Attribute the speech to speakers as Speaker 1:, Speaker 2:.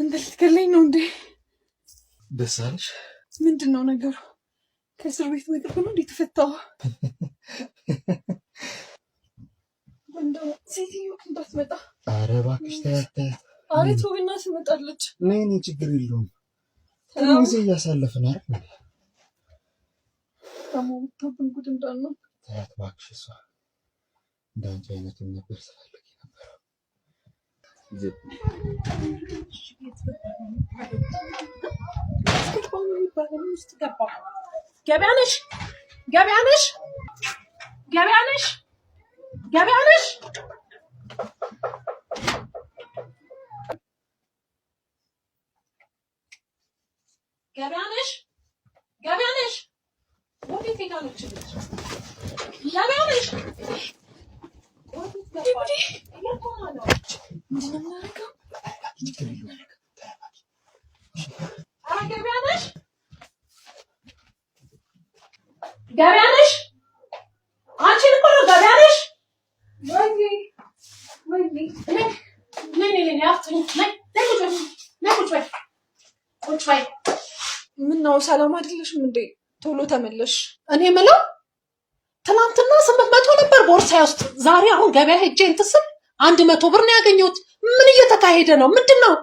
Speaker 1: አንተ ልትገለኝ ነው እንዴ? ደስ አለሽ? ምንድን ነው ነገሩ? ከእስር ቤት በቅርብ ነው እንዴ ተፈታው? ሴትዮ እንዳትመጣ።
Speaker 2: አረ እባክሽ ተያት።
Speaker 1: ኧረ ቶብና ትመጣለች።
Speaker 2: ነይ ነይ፣ ችግር የለውም። ጊዜ እያሳለፍን አረ
Speaker 1: ታሞ ብታብን ጉድ እንዳልነው።
Speaker 2: ተያት እባክሽ። እሷ እንዳንቺ አይነት ነበር ትፈልግ
Speaker 3: ገበያ ነሽ፣ ገበያ ነሽ፣ ገበያ ነሽ፣ ገበያ ነሽ። ገበያ ነሽ፣ ገበያ ነሽ፣ ወዴት ሄዳ ገበያ ነሽ
Speaker 1: ገበያ ምነው ሰላም አይደለሽም እንዴ? ቶሎ ተመለሽ።
Speaker 3: እኔ ምለው ትናንትና ስምንት መቶ ነበር ቦርሳዬ ውስጥ፣ ዛሬ አሁን ገበያ ሄጄ እንትን ስል አንድ መቶ ብር ነው ያገኘሁት። ምን እየተካሄደ ነው? ምንድን ነው?